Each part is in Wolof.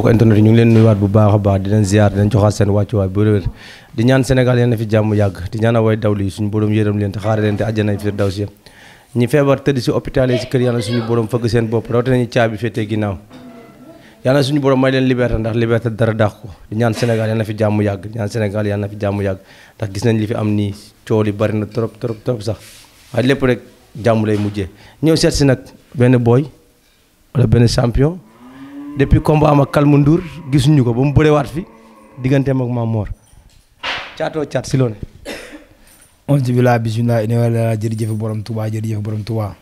mbokk internet yi ñu ngi leen waat bu baax a baax di leen ziar di leen joxaat seen wàccuwaay bu wér di ñaan Sénégal yéen na fi jàmm yàgg di ñaan way dawli yi suñu borom yërëm leen te xaare leen te àjjana firdawsi ñi feebar tëdd si hôpital yi si borom fëgg seen bopp rawatina ñu caabi féetee ginnaaw suñu borom may leen liberté ndax liberté dara dàq ko di ñaan Sénégal yàlla na fi jàmm yàgg di ñaan Sénégal yàlla na fi jàmm yàgg ndax gis nañ li fi am nii coow li bari na trop trop trop sax waaye lépp rek jàmm lay mujje ñëw seet si nag benn booy wala benn champion depuis combat am ak Kalmu Ndour gisuñu ko ba mu bërewaat fi digganteem ak Maam Mor caatoo caat si loone on ci bila bisimilah ina wala jërëjëf borom Touba jërëjëf borom Touba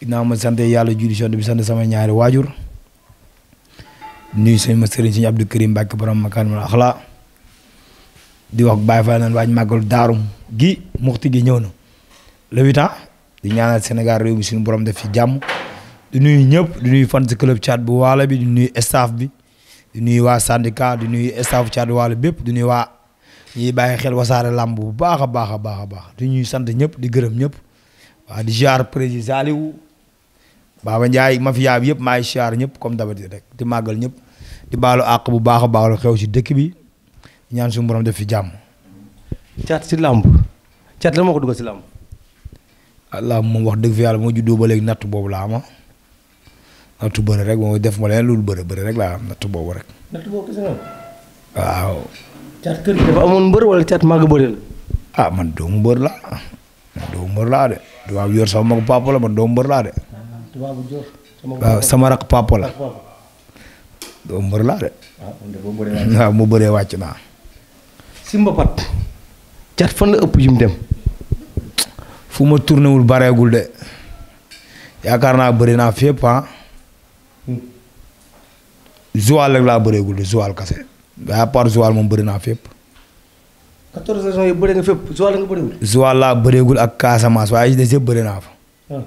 ginnaaw ma sant yàlla julli son bi sant sama ñaari waajur nuyu sëñ ma sëriñ sëñ Abdou Karim Mbacke borom Makarimal Akhlaq di wax Baye Fall naan waaj màggal daarum gi muxti gi ñëw na le huit ans di ñaanal Sénégal réew mi suñu borom def fi jàmm di nuyu ñëpp di nuyu fan si club Thiat bu waalo bi di nuyu staff bi di nuyu waa syndicat di nuyu staff Thiat bu waalo bépp di nuyu waa ñuy bàyyi xel wasaare làmb bu baax a baax a baax a baax di ñuy sant ñëpp di gërëm ñëpp waa di ziar président Saliou Baba Ndiaye mafia bi yëpp maa ngi ziar ñëpp comme d'habitude rek di màggal ñëpp di baalu àq bu baax a baax lu xew si dëkk bi ñaan suñu borom def fi jàmm. Thiat si làmb Thiat la moo ko dugal si làmb. Allah moom wax dëgg yàlla moo juddoo ba léegi boobu laa ma nattu bëre rek moom def ma leen loolu bëre bëre rek laa am nattu boobu rek. nattu boobu kese nga waaw. caat kër gi dafa amoon mbër wala caat bëre la. ah man doomu mbër laa de tubaab yor sama mag papa la man doomu mbër laa de. Ah, waaw mu bëree wàcc naa. si mbapat. caat fan la ëpp jum dem. fu ma tourné bareegul de yaakaar naa bëri naa fépp ah. Joal rek laa bëreegul de Joal kase à part Joal moom bëri naa fépp. 14 régions yi bëree nga laa bëreegul ak Casamance waaye yi des yëpp bëri naa fa. waaw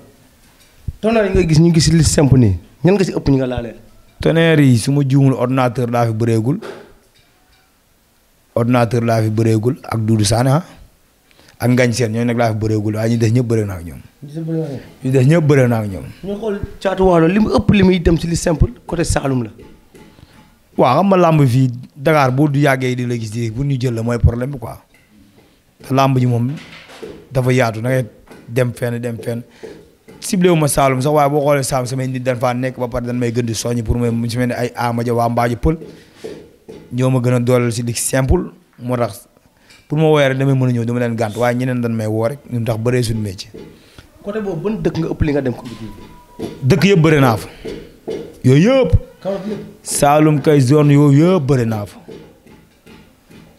ah. yi ngay gis ñu ngi si liste simple nii ñan nga si ëpp ñu nga laaleel. tonnerre yi su ma juumul laa fi bëreegul ordinateur laa fi bëreegul ak Doudou Sané ah ak Ngañ Seen ñooñu nag laa fi bëreegul waaye ñu des ñëpp bëree naa ak ñoom. ñu des ñëpp bëree naa ak ñoom. ñu xool caatu waalo li mu ëpp li muy dem si li simple côté la. waaw ma nga làmb fii Dakar boo du yàggee di la gis di bu ñu jël la mooy problème bi quoi te làmb ji moom dafa yaatu da dem fenn dem fenn ciblé wu ma Saalum sax waaye boo xoolee Saalum samay nit dañ faa nekk ba pare dañ may gën di soññ pour may mu si mel ne ay Amaja waa Mbaajo Pël ñoo ma gën a dooleel si lig simple moo tax pour ma woowee rek damay mën a ñëw dama leen gànt waaye ñeneen dan may woo rek ñun tax bëree suñu métier. côté boobu ban dëkk nga ëpp li nga dem ko. dëkk yëpp bëri naa fa yooyu Saalum kay zone yooyu yëpp bëri naa fa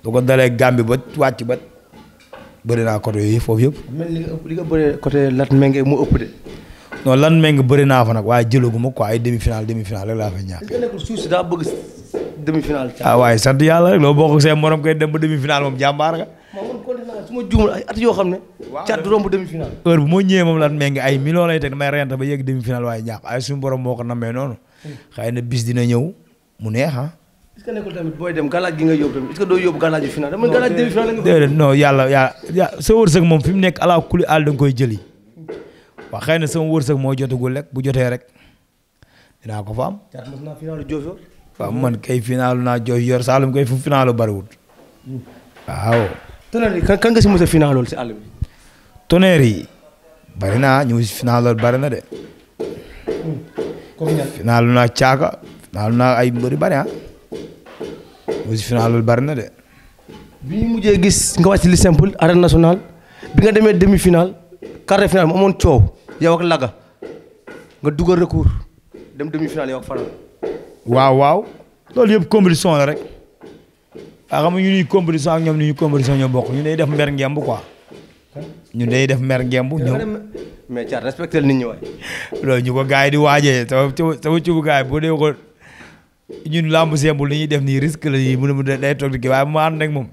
bu ko dalee Gàmbi ba wàcc ba bëri naa côté yooyu foofu yëpp. mel ni li nga bëree côté mu ëpp de. non Latmingué bëri naa fa nag waaye jëlaguma quoi ay demi final demi final rek laa fa ñàkk. li nekkul suuf si daa bëgg demi final. ah waaye sant yàlla rek loo bokk seen morom kay dem ba demi final moom jàmbaar nga. ma ne. waaw cat du romb demi final. heure bu waaye ñàkk ay suñu borom moo ko namee noonu. xëy na bis dina ñëw mu neex ah. est-ce que nekkul gi nga yóbbu tamit est yàlla yàlla sa wërsëg moom fi mu nekk ala kuli àll da nga koy jëli waaw xëy na sama wërsëg moo jotagul rek bu jotee rek dinaa ko fa am. jaata mos naa final Diofior. waaw man kay final naa kay fu final bariwul waaw. tonnerre yi kan nga si mos a final si àll bi. yi bari ñu si final de. comme naa caaka finaalu naa ay mbëri bari ah aussi finaalul bari na de. bi ñu mujjee gis nga wàcc li simple arène bi nga demee demi finale quart de mu amoon coow yow ak Laga nga dugal recours dem demi finale yow ak Faral. waaw waaw loolu yëpp compétition la rek ah xam nga ñu ñuy compétition ak ñoom ñu compétition ñoo bokk ñu day def mber ngemb quoi. ñu day def mer ngemb ñëw. mais Thiat respecté nit ñi waay. loolu ñu ko gars yi di waajee sama sama cubu gars yi boo dee ko ñun làmb sembul li ñuy def nii risque la ñuy mun a day toog di kii waaye moom.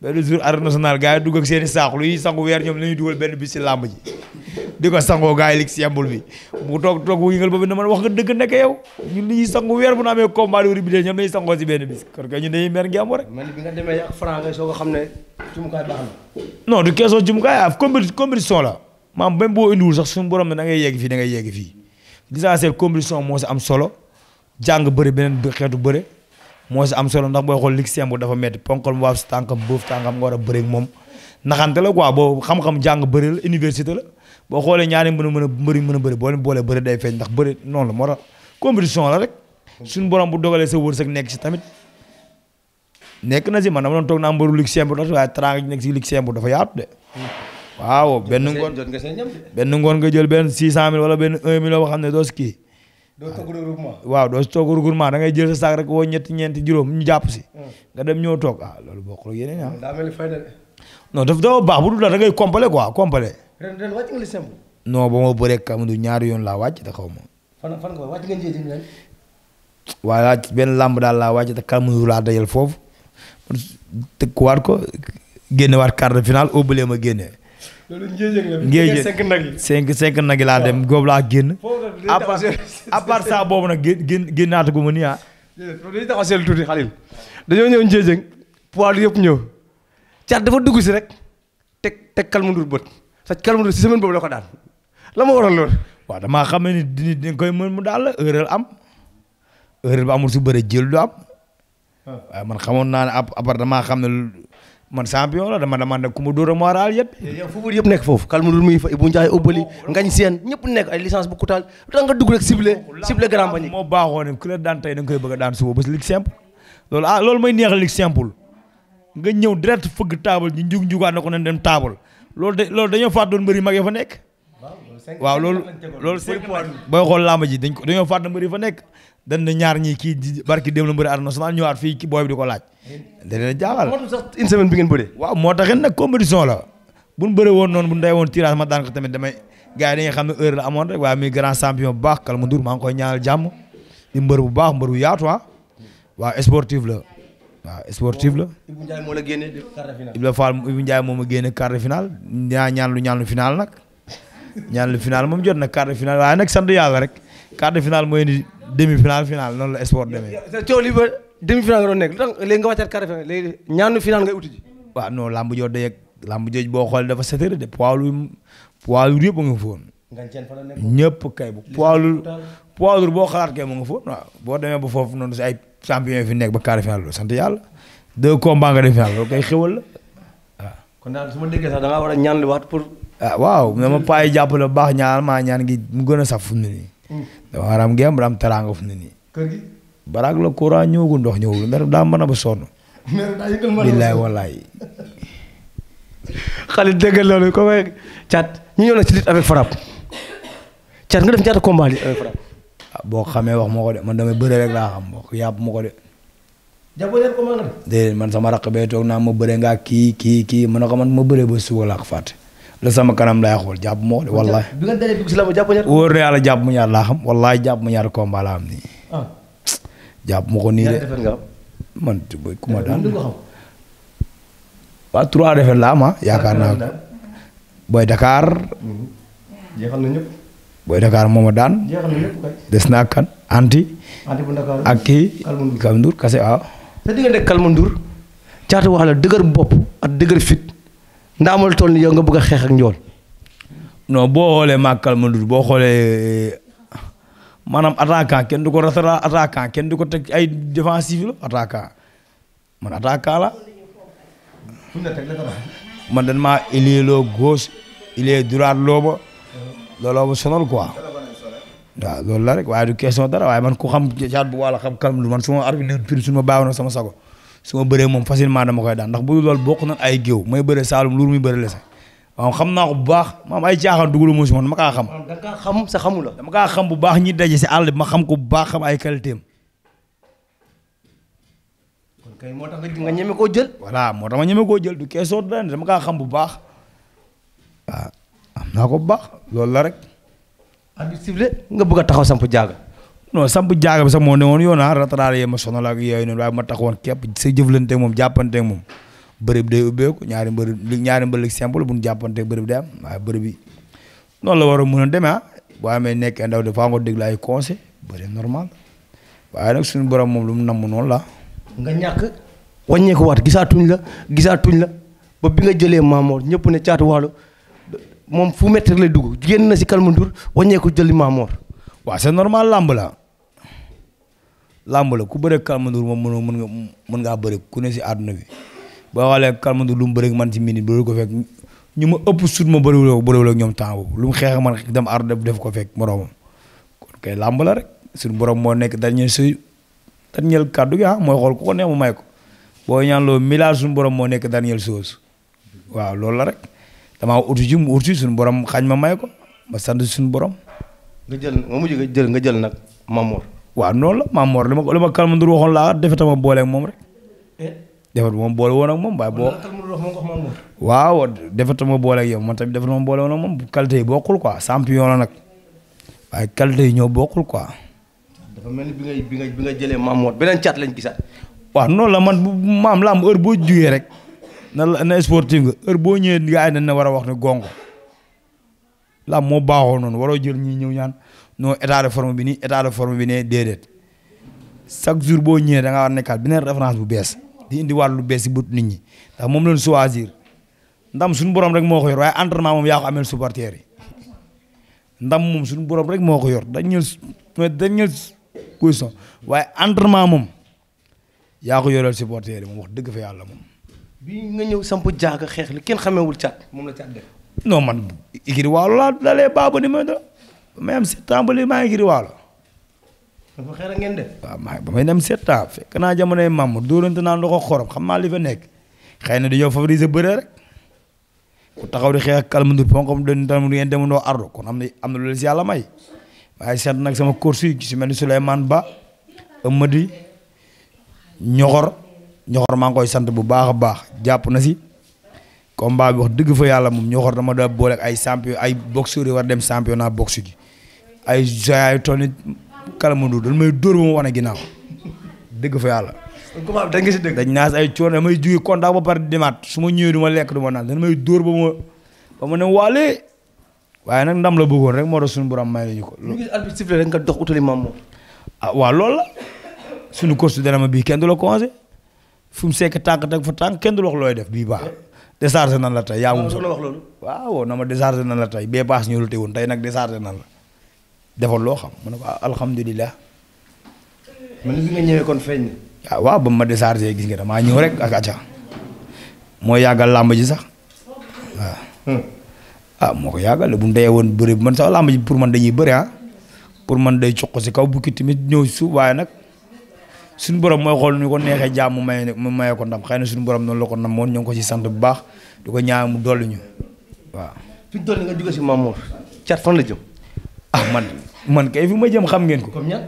benn jour arène nationale gars seen saako luy sangu weer ñoom la ñuy dugal benn bis si làmb ji. di ko sangoo gars yi lig sembul bi mu toog toog wu yëngal boobu na man wax nga dëgg nekk yow ñun li ñuy sangu weer bu na amee combat bi ñoom la ñuy sangoo si benn bis kon kay ñun dañuy mer ngemb rek. xam ne jumukaay baax na. non du question jumukaay ah compéti compétition la maam même boo indiwul sax suñu borom ne fii da ngay yegg fii l'essentiel compétition moo si am solo jàng bëri beneen xeetu bëri moo si solo ndax booy xool lig simb dafa metti ponkal mu waaf si tànkam boof tànkam la quoi boo xam-xam jàng bëri la université la boo xoolee ñaari mën a mën a mbëri mën a bëri boo leen boolee bëri day feeñ ndax bëri noonu la moo tax la rek suñu borom bu dogalee sa wërsëg nekk si tamit nekk na si man dama doon toog naa mbëru Luxembourg nag dafa yaatu de. waaw benn ngoon jot benn ngoon nga jël benn 600000 wala benn 1 million boo xam ne doo si kii. doo toog regroupement. waaw doo toog regroupement da ngay jël sa saak rek woo ñetti ñeenti juróom ñu jàpp si. Hmm. nga dem ñëw toog ah loolu bokkul ak yeneen ah. Hmm, daa mel ni fay daf dafa baax bu dul da ngay complet quoi complet. ren ren wàcc nga ba ma bëree kam du ñaari yoon laa wàcc te xaw ma. fan fan benn lamb daal laa wàcc te kam laa dajal foofu tëkkuwaat ko génnewaat quart de finale au bële ma génne. loolu ngéej nag yi cinq cinq nag yi laa dem góob laa génn. à part ça boobu nag génn génnaata gu ma nii ah. dañoo ñëw njéejëng poids yëpp ñëw caat dafa dugg si rek teg teg Kalma bët sa Kalma si semaine boobu la ko daan la ma waroon loolu. waaw damaa xam ne ni dinañ koy mu daal la erreur am erreur bi amul su bëre jël du am. Ah. waaw man xamoon naa ne appartement xam ne man champion la dama dama ne a moral yëpp. nekk foofu kalma muy fa Obali oh, Ngagne Sène ñëpp nekk ay licence bu kutaal da nga dugg rek ciblé oh, ciblé grand panier. moo baaxoo ne ku la daan tey da koy bëgg a daan suba ba si ligue simple loolu ah loolu may neexal ligue simple nga ñëw direct fëgg table ñu njug njugaat na ko nañ dem table loolu dañoo faat doon mbër mag ya fa nekk. waaw loolu loolu. booy xool ji dañoo fàttali mbir dañ na ñaar ñii kii barki dem la mbëri arène nationale ñëwaat fii ki booy bi di ko laaj. da leen jaaxal moo semaine bi ngeen bëree. waaw moo tax nag compétition la bu ñu bëree woon noonu bu ñu day woon tirage ma daan ko tamit damay gars yi xam ne heure la amoon rek waaye muy grand champion bu baax Kalma Ndour maa ngi koy jàmm di bu baax bu yaatu ah waaw sportif la waaw sportif quart de finale. moom a génne quart de finale ñaan ñaan lu ñaan lu final nag ñaan lu final moom jot na quart de finale waaye nag sant yàlla rek quart de finale mooy indi demi finale finale noonu la sport demee. coow li ba demi finale nga doon nekk lu léegi nga wàccaat quart de finale léegi ñaanu finale ngay uti ji. waaw non làmb joo dee làmb boo xoolee dafa seetlu de poids lu poids a nga foon. ñëpp mu nga de finale loolu da ngaa war a ñaan waat pour. ah waaw dama paay jàppale bu baax ñaan maa ñaan gi mu gën a saf fu nii dama araam gi am am teraanga fu ne nii. baraag la courant ñëwagul ndox ñëwagul mer daa mën a ba sonn. mer daa yëgal mën a billaay wallaay. caat ñu ñëw nag ci lutte avec frappe caat nga def ñaata combat lutte avec frappe. Ah, boo xamee wax ma ko de man damay bëre rek laa xam wax yàpp ma ko de. jàppale man sama raq bee toog naa ma bëre ngaa kii kii kii man na ko man ma bëre ba suba laa ko fàtte. la sama kanam laay xool jàpp moo de wallaahi. bi nga dalee la jàpp mu ñaar laa xam wallaahi jàpp mu ñaar combat laa am nii. Ah. jàpp ma ko nii de. man eh, trois defet laa am ah. yaakaar naa booy Dakar. Mhm. booy Dakar moom a daan. des naa kan anti. ak kii. Kalmundur Kalmundur waaw. sa diggante Kalmundur caatu wax la dëgër bopp ak dëgër fit. ndax amul tol ni yow nga bëgg a xeex njool. non boo xoolee Makal Madud boo xoolee maanaam attaquant kenn du ko ratara attaquant kenn du ko teg ay défensif la attaquant man attaquant la. man dañ maa ailier loo gauche ailier droite loo ba looloo ba sonal quoi. waaw loolu la rek waaye du question dara waaye man ko xam jaat bu wàll xam kalm lu man suma arbitre pir suñu ma baa woon sama sago su ma bëree moom maa dama koy daan ndax bu lool bokk na ay géew may bëree Saalum luur muy bëri lese waaw xam naa ko bu baax maam ay caaxaan dugalu mo si man dama xam. da xam sa xamu la. dama xam bu baax ñi daje si àll bi ma xam ko bu baax xam ay qualité nga koo jël. voilà moo tax ñeme koo jël du kee soo daan dama bu baax waaw bu baax loolu la rek. abi nga bëgg a taxaw samp jaaga. non samp jaaga bi sax moo ne woon yoon ah rataraale yee ma sonal ak yooyu noonu waaye ma tax woon képp sa jëflante moom jàppante moom bërëb day ubbeeku ñaari mbër ñaari mbër lig simple bu ñu jàppante bërëb day am waaye bërëb bi noonu la war a mën a demee ah boo amee nekk ndaw dafa nga déglu ay conseil bëri normal waaye nag suñu borom moom lu mu namm noonu la ah. nga ñàkk wàññeeku waat gisaatuñ la gisaatuñ la ba bi nga jëlee Mamor ñëpp ne caatu waalo moom fu métti lay dugg na si Kalmandour wàññeeku jëli Mamor waaw normal làmb la làmb ku bëre Calme Ndour moom mën nga mën ngaa bëre ku ne si àdduna bi boo xoolee Calme Ndour lu mu bëre man si minute bëri ko fekk ñu ma ëpp sut ma bëriwul bëriwul ak ñoom temps boobu lu mu xeex man dem àdduna def ko fek moroomam kon kay làmb rek suñu borom moo nekk dernier si dernier kàddu gi ah, mooy xool ku ko neex mu may ko boo ñaan loolu milage borom moo nekk dernier chose waaw loolu la rek damaa utu ji mu utu suñu borom xañ ma may ko ma sand suñu borom. nga jël nga mujj nga jël nga jël nag Mamour. waa noonu la Maam Mor li ma li ma Kalma Ndour waxoon laa defet eh? ma boole ak moom rek. defet ma boole ma boole yow man ma boole woon ak moom qualité yi bokkul quoi champion la nag waaye yi ñoo bokkul quoi. dafa mel ni bi bi nga jëlee Maam Mor beneen caat lañ gisaat. waaw noonu la man bu maam lamb heure boo jugee rek na na sportif nga heure boo ñëwee gars yi dañ na war a wax ne gongo lamb moo baaxoo noonu waroo jël ñii ñëw ñaan. non état de forme bi nii état de forme bi ne déedéet chaque jour boo ñëwee da nga war nekkaat beneen référence bu bees di indi wàllu bees yi bët nit ñi moom la ñu ndam suñu borom rek moo ko yor waaye entraînement moom yaa ameel supporter yi moom suñu borom rek moo ko yor dañ ñëw dañ ñëw question waaye entraînement moom yaa ko yoreel supporter yi moom wax dëgg fa yàlla moom. bi nga ñëw samp jaaga xeex li kenn xamewul caat moom la caat def. non man ikiri waaw laa baaba ni ma da même septembre li maa ngi giri waalo dafa xeer ngeen def waaw maa ba may dem septembre fekk naa jamonoy mamm dóorante naan loxo xorom xam naa li fa nekk xëy na dañoo favoriser bëre rek ku taxaw di xeex ak kalmandur ponkom doon tam ngeen demandoo ardu kon am na am na loolu si yàlla may waaye sant nag sama course yi mel ni Souleymane Ba Amady ñoxor ñoxor maa ngi koy sant bu baax a baax jàpp na si combat bi wax dëgg fa yàlla moom ñoo xor dama daa boole ay champion ay boxeur yi war dem championnat boxe ji ay joyaay toll ni kalamandu dañ may dóor ba ginnaaw dëgg fa yàlla. combat si dëgg. dañ naas ay coono damay jugee contact ba su ma ñëwee du ma lekk du ma naan dañ may dóor ba ma ma ne waalee waaye nag ndam la bëggoon rek moo tax suñu borom may nañu ko. lu ngi arbitre sifflé rek nga dox utali ma ah, bii kenn du la conseillé fu mu sekk tànk teg fa tànk kenn du la wax looy def bii baax. déchargé nan la tey soo moom solo wax loolu waaw na ma déchargé nan la tey bee paas ñu lutte woon tey nag déchargé na la defal loo xam mu ne ko ah, alhamdulilah. man li nga ñëwee ah, waaw ba ma déchargé gis nga damaa ñëw rek ak acca moo yàggal làmb ji sax waaw. Hmm. Ah, moo ko yàggal bu mu dee woon bëri man sax làmb ji pour man dañuy bëri ah pour man day cuq si kaw bukki tamit ñëw suuf waaye nag. suñu borom mooy xool nu ko neexee jaam mu maye mu maye ko ndam xëy na suñu borom noonu la ko nam moon ñoo ko ci sant bu baax di ko ñaan mu dolli ñu waaw. fi mu toll nga jóge si Mamour Thiat la jëm. ah man man kay fi ma jëm xam ngeen ko. comme ñan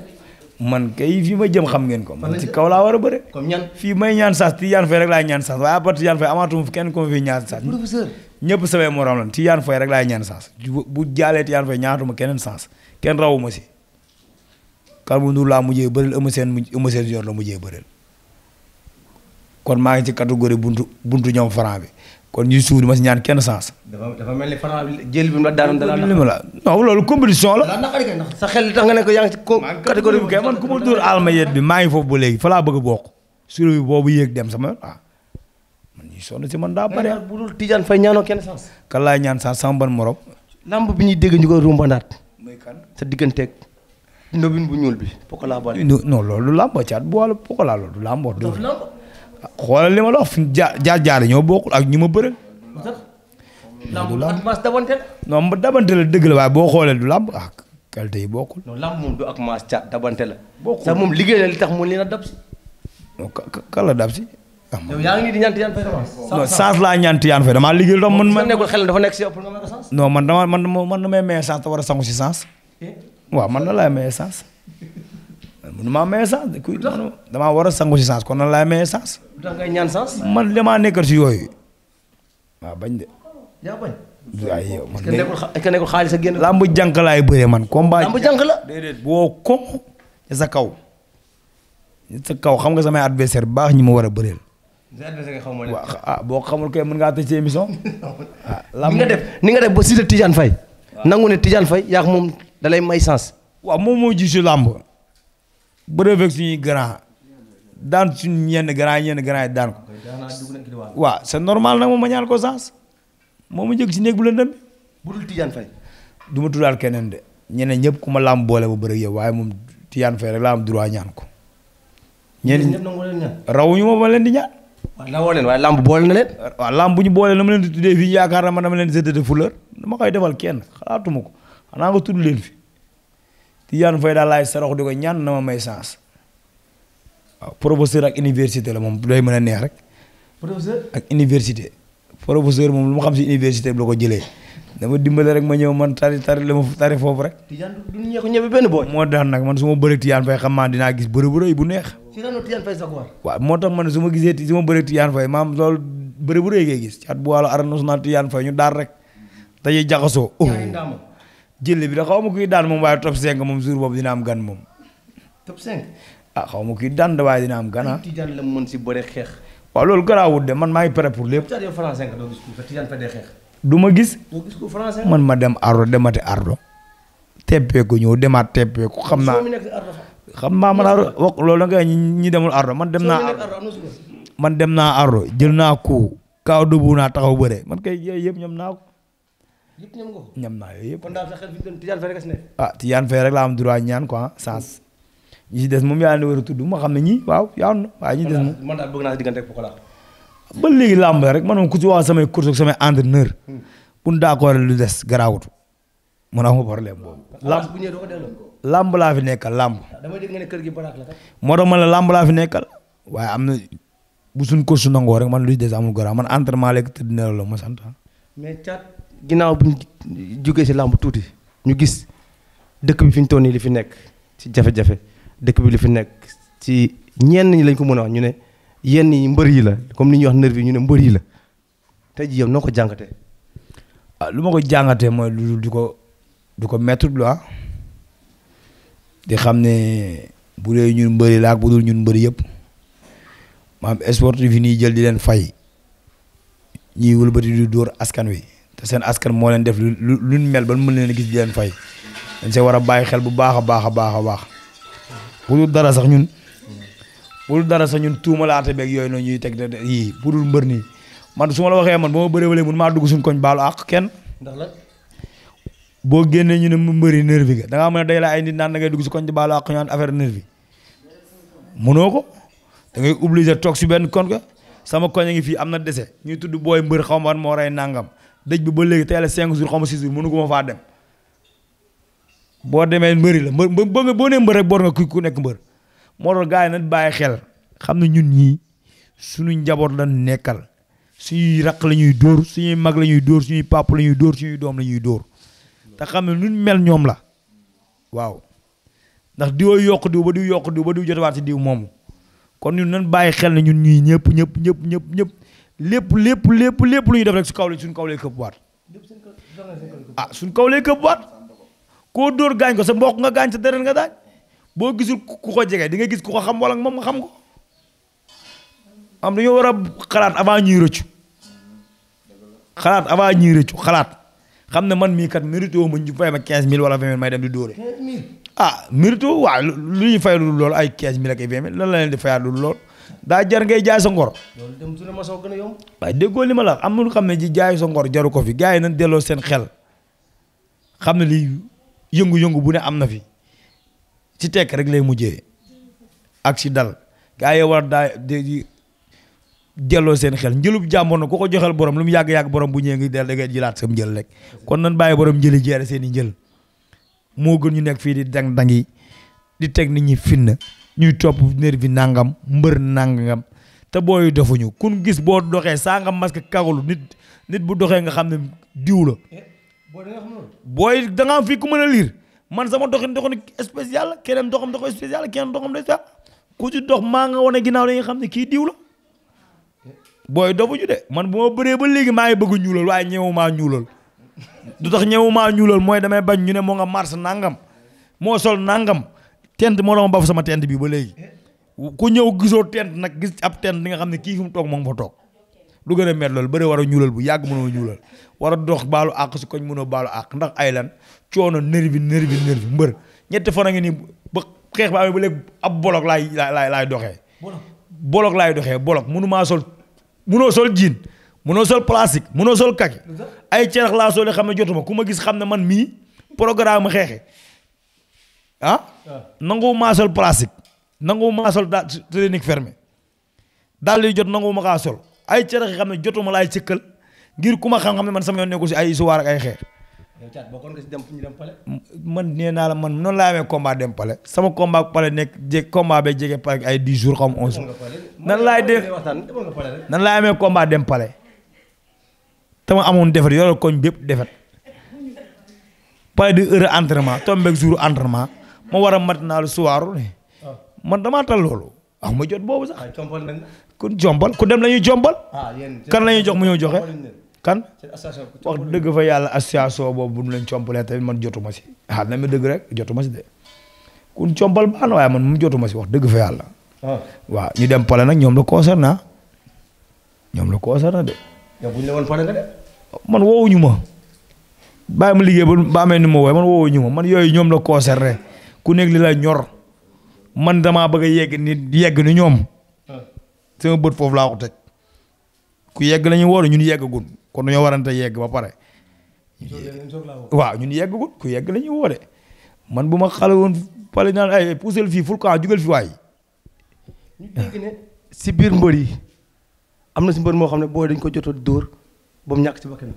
man kay fi ma jëm xam ngeen ko. man ci kaw laa war a bëre. comme ñan fii may ñaan saas Tidiane Faye rek laay ñaan saas waaye à part Tidiane Faye kenn ku ma fiy ñaan saas. professeur ñëpp samay morom lan Tidiane Faye rek laay ñaan saas bu bu jaalee Tidiane Faye ñaatuma keneen saas kenn rawuma si Kalbu Ndour laa mujjee bëreel Eumeu Sène mu Eumeu Sène junior la mujjee bëreel kon maa ngi ci catégorie buntu buntu ñoom franc bi kon ñuy suuf di ma si ñaan kenn sens. dafa ni franc jël bi mu la daanoon dana la. ma la la. sa xel li tax nga ne ko yaa bi maa ngi foofu ba léegi fa laa bokk. suuf yéeg dem sama ah man ñuy sonn si man daa bare. bu dul Tidiane Faye ñaanoo kenn sens. kan ñaan sens sama ban morom. lamb bi ñuy dégg ñu ko rumbandaat. mooy kan sa digganteeg. ndobin bu ñuul bi. pokola bu wàll. non loolu du làmboo bu wàllu pokola loolu du làmboo. dootul li ma la wax fi jaar jaar ak ma bëre. làmb ak maas dabante la. boo xoolee du làmb ah qualité yi bokkul. non làmb caat dabante la. bokkul sax liggéey la li tax mu leen a dab si. non ka ka la ah, laa ñant yaan fay damaa liggéey doom man. dafa nekk si yow pour mën a sens. non man te war a sangu si sens. waaw man na laay maye sens man mënu maa maye sens damaa war a sangu si sens kon na laay maye sens. da ngay man damaa nekkal si yooyu. waa bañ de. yaa bañ. waaye xaalis a génn. lamb jànk laay bëree man. combat lamb jànk la déedéet boo sa kaw. ci sa kaw xam nga samay adversaire baax ñi ma war a bëreel. waaw ah boo xamul kay mën ngaa tëj ci émission. ah lamb ni nga def ni nga def ba Cité Tidiane Faye. nangu ne Tidiane Faye yaa moom. dalay may sens. waaw moom moo ji si làmb bëree fekk suñuy grand daan suñu yenn grand yenn grand yi daan ko. waaw c'est normal nag moom ma ñaan ko sens. moom ma njëkk si néeg bu lëndëm bi. bu du ma tuddaal keneen de ñeneen ñëpp ku ma làmb boole ba bëri yow waaye moom Tidiane Faye rek laa am droit ñaan ko. ñenn rawuñu moom ma leen di ñaan. waaw rawoo leen waaye làmb boole na leen. waaw làmb ñu boole na leen di tuddee fii yaakaar na ma leen di séddate fuleur dama koy defal kenn xalaatuma ko. xanaa nga tudd leen fi Tidiane Faye daal laay sarax di ko ñaan na ma may chance waaw professeur ak iniversité la moom doy mën a neex rek. professeur ak université. professeur moom lu ma xam si université bi ko jëlee dama dimbale rek ma ñëw man tari tari la ma foofu rek. Tidiane du ñeexu ñebe benn booy. moo tax nag man su ma bëree Tidiane Faye xam maa dinaa gis bëri bu rëy bu neex. ci ren Tidiane Faye sax war. waaw moo tax man su ma gisee su ma bëree Tidiane Faye maam loolu bëri bu rëy ngay gis caat bu wàllu arène nationale Tidiane Faye ñu daar rek dañuy jaxasoo. jël bi da xaw ma kuy daan moom waaye top 5 moom jour boobu dina am gan moom. ah xaw ma kuy daan da waaye dina am gan ah. Tijaan la mën si bëre xeex. waaw loolu de man maa ngi pare pour lépp. yow gis du ma gis. man ma dem ardo demati ardo teppeeku ñëw demaat teppeeku xam naa. xam naa man ardo loolu nga ñi ñi demul ardo man dem naa. man dem naa ardo jël naa ko kaaw dëbbu naa taxaw bëre man kay yooyu yëpp naa ko. yëpp ñam nga ko. ñam naa yooyu yëpp. kon daal sa xel fi doon Tidiane ah Tidiane ñi si des moom yaa ne war a ma xam ne ñii waaw yaa waaye ñi des moom. man daal bëgg naa si diggante ak Pokola. ba léegi làmb la ku ci wax samay course ak samay entraîneur. Hmm. bu ñu lu des garaawut. mun a am problème boobu. Ah, làmb bu ñëwee laa fi nekkal làmb. Ah, damay dégg gi baraak la kat. moo tax man la laa fi nekkal. waaye am na bu suñ course nangoo rek man lu des amul garaaw man entraînement léegi tëdd nelaw la ma ginnaaw bu ñu jugee si làmb tuuti ñu gis dëkk bi fi ñu toll nii li fi nekk ci jafe-jafe dëkk bi li fi nekk ci ñenn ñi lañ ko mën a wax ñu ne yenn yi mbër yi la comme ni ñuy wax nervi ñu ne mbër yi la te jii yow noo ko jàngatee. Ah, lu ma ko jàngatee mooy lu du ko du ko mettre loi ah, di xam ne bu dee ñun mbëri la ak bu dul ñun mbëri yëpp maanaam sportif yi nii jël di leen fay ñuy wëlbati du dóor askan wi seen askan moo leen def lu lu mel ba mën leen gis di leen fay dañ see war a bàyyi xel bu baax a baax a baax a baax bu dul dara sax ñun bu dara sax ñun tuumalaate beeg yooyu noonu ñuy teg de yii bu dul mbër nii man su ma la waxee man ba ma mun maa dugg suñ koñ baalu àq la boo génnee ñu ne mbëri nervi ga da ngaa mën a day laa ay nit naan da ngay dugg si koñ baalu àq ñu naan affaire nervi mënoo ko da ngay obligé toog si benn kon ko sama koñ a ngi fii am na dese ñuy tudd booy mbër xaw ma moo rey nàngam dëj bi ba léegi teel a cinq jours xaw six jours mënu ko ma faa dem boo demee mbëri la mbër boo boo nee mbër rek boor ku nekk mbër moo tax gars yi nañ bàyyi xel xam ne ñun ñii suñu njaboot lañ nekkal suñuy raq lañuy ñuy dóor suñuy mag la ñuy dóor suñuy pap la ñuy dóor suñuy doom la ñuy dóor te xam ne ñun mel ñoom la waaw ndax diwoo yokk diw ba diw yokk diw ba diw jotawaat si diw moomu kon ñun nañ bàyyi xel na ñun ñii ñëpp ñëpp ñëpp ñëpp ñëpp lépp lépp lépp lépp lu ñuy def rek su kaw la suñ kaw lay këpp waat ah suñ kaw lay këpp waat koo dóor gaañ ko sa mbokk nga gaañ sa deret nga daañ boo gisul ku ko jege di nga gis ku ko xam wala moom xam ko am dañoo war a xalaat avant ñuy rëccu xalaat avant xalaat xam ne man mii kat mérite ma ñu fay ma 15000 wala 20000 may dem di dóore ah mérite waaw lu ñuy fay lu lool ay 15000 ak la leen di fayaat lu lool daa jar ngay jaay sa ngor. loolu dem ma soo gën a li ma la am na xam ne ji jaay sa ngor jaru ko fi gars yi nañ delloo seen xel xam ne li yëngu bu ne am na fi ci tekk rek lay mujjee ak si dal gars yi war daa di seen xel njëlub jàmbur na ku ko borom lu mu yàgg-yàgg borom bu ñëwee ngi del da jilaat jëlaat sam njël rek kon nan bàyyi borom njëli jeere seeni i njël moo gën ñu nekk fii di dang-dang di teg nit ñi finna ñuy topp nervi nangam mbër nangam te booy defuñu kun gis boo doxee saa nga masque kagalu nit nit bu doxee nga xam ne diw la. Eh, booy da nga fii ku mën a liir man sama doxin doxin spécial la keneen doxam doxam spécial la keneen doxam spécial ci dox maa nga wane ginnaaw dañuy xam ne kii diw la. booy dofuñu de man bu ma bëree ba léegi maa ngi bëgg ñuulal waaye ñëwumaa ñuulal du tax ñëwumaa ñuulal mooy damay bañ ñu ne moo nga mars nangam moo sol nangam. tent moo la ma baf sama tent bi ba léegi ku ñëw gisoo tent nag gis ab tent di nga xam ne kii fi mu toog moom fa toog lu gën a met loolu bëri war a ñuulal bu yàgg mënoo ñuulal war a dox baalu àq si koñ mënoo baalu àq ndax ay lan coono nervi nervi nervi mbër ñetti fan a ngi nii ba xeex ba amee ba léegi ab bolok laay laay laay doxee. bolok laay doxee bolok mënumaa sol mënoo sol jiin mënoo sol plastique mënoo sol kaki ay cerex laa sol yoo xam ne jotuma ku ma gis xam ne man mii programme xeexe ah nanguwu maa sol plastique nanguwu maa sol daa clinique daal di jot nanguwu ma sol ay cere xam ne jotuma laay sëkkal ngir ku ma xam ne man sama yoon nekku si ay isuwaar ak ay xeer. man nee naa la man noonu laa amee combat dem pale sama combat pale nekk jé combat ay 10 jours xam 11 jours nan nan laay amee combat dem amoon defet yore koñ bépp defet pale di heure entraînement tombeeg jour entraînement ma war a mat naa lu suwaaru ne ah. man damaa tal loolu aw ma jot boobu sax. Ah, kon jombal ku dem la ñuy jombal. Ah, kan lañuy jox mu ñëw joxe. kan wax dëgg fa yàlla association boobu bu nañ leen compalee tamit man jotuma ma si. na ma dëgg rek jotu si de kun compal man mu jotu si wax dëgg fa yàlla. waaw ñu dem pale nag ñoom la concerné na ñoom la concerné de. yow bu ñu ma. bàyyi ma liggéey ba ba amee ni ma woowee man woowuñu ma man yooyu ñoom la concerné. ku nekk li la ñor man damaa bëgg a yegg ni yegg ni ñoom ah. bët foofu laa ko teg ku yegg la ñu wooru ñun yeggagul kon dañoo warante yegg ba pare waaw ñun yeggagul ku yegg la ñuy woore man bu ma xal woon pale naan ay puusal fii ful kaa jugal fi waay si biir mbër yi am na si mbër moo xam ne booy dañ ko jotoo dóor ba mu ñàkk ci bakkan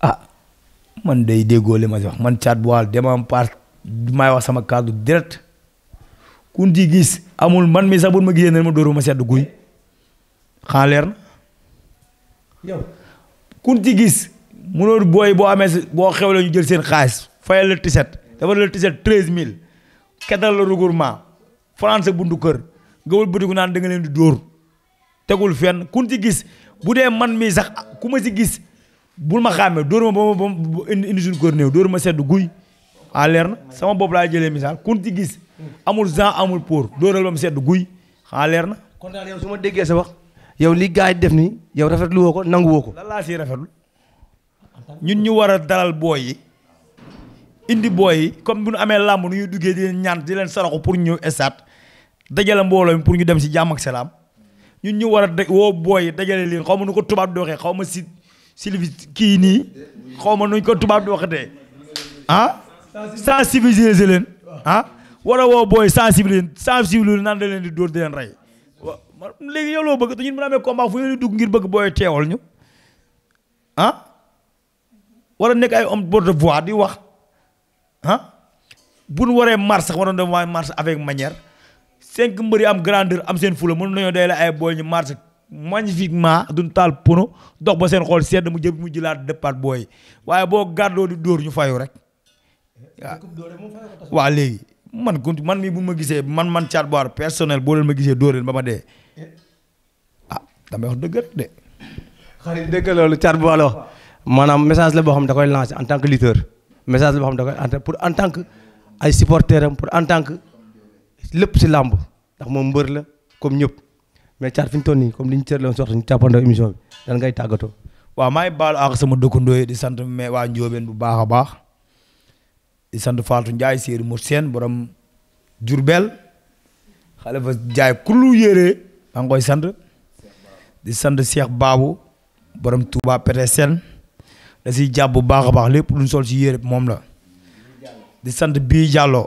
ah man day déggoo li ma si man caat bu waal demaam part maay wax sama kàddu direct kun ci gis amul man mi sax bu ma gisee ne ma dóoruma sedd guy xanaa leer na yow kun ci gis mënoo booy boo amee boo xew xewle ñu jël seen xaalis fayal la set dafa la set treize mille ketal la regroupement français buntu kër nga wul ku naan da nga leen di dóor tegul fenn kun ci gis bu dee man mii sax ku ma si gis bu ma xàmmee dóor ma ba ma ba indi indi suñu kër néew dóor ma sedd guy ah leer na sama bopp laa jëlee misaal kun ci gis amul gen amul pour dóoral ba mu sedd leer na. kon daal su ma déggee sa wax yow li gars def nii yow rafetlu woo ko nangu ko. lan siy rafetlu ñun ñu war a dalal booy yi indi booy comme bu ñu amee làmb nu ñuy duggee di ñaan di leen pour ñu ñëw dajale mbooloo mi pour ñu dem si jàmm ak ñun ñu war a woo booy yi dajale leen xaw ma nu ko tubaab di waxee xaw ma si Sylvie kii nii xaw ma nuñ ko tubaab di waxatee ah? sensibiliser leen ah, ah. wala woo booy sensibiliser sensibiliser naan da leen di dóor di leen rey léegi yow loo bëgg te ñun bu ñu amee combat fu ñu dugg ngir bëgg booy teewal ñu ah wala nekk ay homme porte voix di wax ah bu waree mars sax waroon dem waaye mars avec manière cinq mbër yi am grandeur am seen fula mën nañoo day la ay booy ñu mars magnifiquement duñ taal pono dox ba seen xool sedd mu jëm mu jëlaat départ booy waaye boo gàddoo di dóor ñu fayu rek. Ah. waa léegi man ku man mii bu ma gisee man man Thiat Boy personnel boo leen ma gisee dóor leen ba ma dee eh. ah damay wax dëgg de. xarit dëgg loolu Thiat Boy maanaam message la boo xam da koy lancer en tant que lutteur message la boo xam da koy pour en tant que ay supporteurs am que lépp si làmb ndax moom mbër la comme ñëpp mais Thiat fi ñu comme li ñu cër la woon soxla ñu càppandoo ngay tàggatoo. waaw maa sama dëkkandoo yi di sant mais waa Ndiobène bu baax a baax. di sant Fatou Ndiaye Seydou Mor seen borom Diourbel xale fa jaay kullu yére maa ngi koy sant di sant baabu boroom borom Touba Petersen da siy jàpp bu baax a baax lépp luñ sol si yére moom la di sant bii Diallo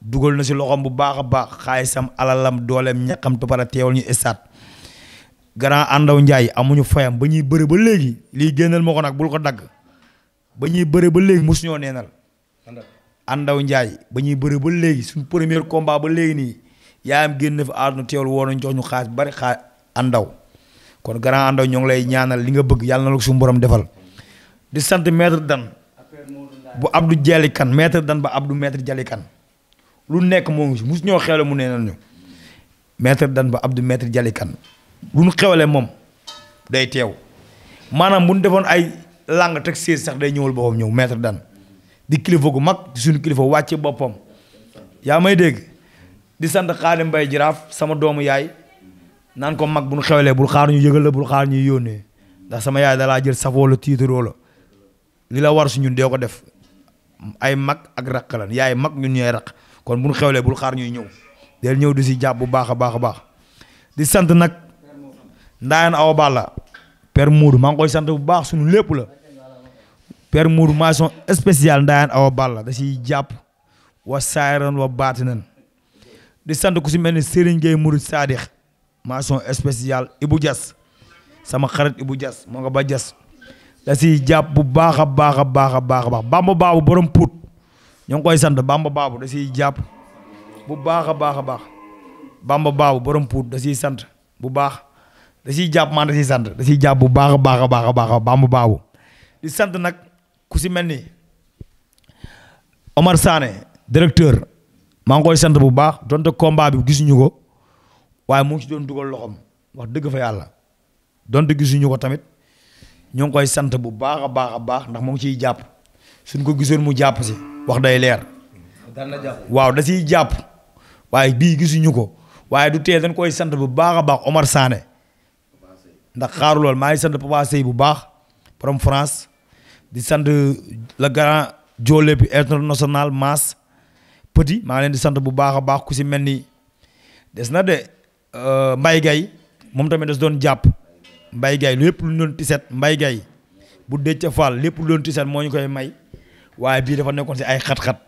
dugal na si loxoom bu baax a baax xaalisam alalam dooleem ñaqam topara teewal ñu estat grand àndaw Ndiaye amuñu fayam ba ñuy bëre ba léegi lii génnal ma ko nag bul ko dagg ba ñuy bëre ba léegi mosuñoo neenal àndaw Ndiaye ba ñuy bëri ba léegi suñu premier combat ba léegi nii yaayam génn na fa àdduna teewul woon nañ jox ñu xaas bari xaa Andaw kon grand Andaw ñoo ngi lay ñaanal li nga bëgg yàlla na la ko suñu borom defal di sant maître Dan bu Abdou jalikan Kan Dan ba Abdou maître Jali lu nekk moo ñoo xewle mu ne nañu maître Dan ba Abdou maître Jali Kan lu moom day teew maanaam bu ñu defoon ay làng teg siis sax day ñëwal boppam ñëw maître Dan. di kilifa gu mag di suñu kilifa wàcce boppam yaa may dégg di sant xaalim mbay jiraaf sama doomu yaay nan ko mag bu nu xewlee bul xaar ñu yëgal la bul xaar ñuy yónnee ndax sama yaay dalaa jël safoo la tiitaroo la li la war su ñun dee ko def ay mag ak raq lan yaay mag ñun ñooy raq kon bu nu xewlee bul xaar ñuy ñëw del ñëw di si jàpp bu baax a baax a baax di sant nag ndaayaan awa balla père Moodu maa koy sant bu baax suñu lépp la Père Mour mention spéciale Ndayane Awa Balla da ciy jàpp wa saayiran wa baatinan di sant ku si mel ni Serigne Gueye Mouride Sadikh mention spéciale Ibou Dias sama xarit Ibou Dias moo nga ba Dias da ciy jàpp bu baax a baax a baax a baax a baax Bamba Baabu borom Pout ñoo ngi koy sant Bamba Baabu da ciy jàpp bu baax a baax a baax Bamba Baabu borom Pout da ciy sant bu baax da ciy jàpp maa da ciy sant da ciy jàpp bu baax a baax a baax a baax Bamba Baabu di sant nag. ku si mel ni Omar Sané directeur maa ngi koy sant bu baax donte combat bi gisuñu ko waaye mu ngi ci doon dugal loxoom wax dëgg fa yàlla donte gisuñu ko tamit ñoo ngi koy sant bu baax a baax a baax ndax mu ngi ciy jàpp suñ ko gisoon mu jàpp si wax day leer. daan waaw da siy jàpp waaye bii gisuñu ko waaye du tee dañ koy sant bu baax a baax Omar Sané ndax xaaru lool maa ngi sant Papa bu baax borom France di sant la grand joole bi international Mass Petit maa ngi leen di sant bu baax a baax ku si mel ni des na de euh, Mbaye Gaye moom tamit des doon jàpp Mbaye Gaye lépp lu ñu doon tiset Mbaye Gaye bu Déthié Fall lépp lu doon tiset moo ñu koy may waaye bii dafa nekkoon si ay xat-xat